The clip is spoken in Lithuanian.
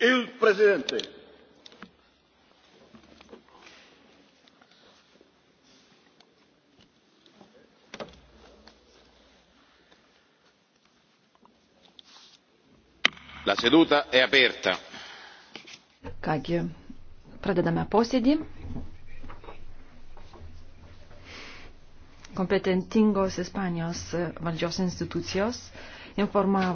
il presidente. La seduta è aperta. Kągi, pradedame posėdį. Kompetentingos Ispanijos valdžios institucijos informavo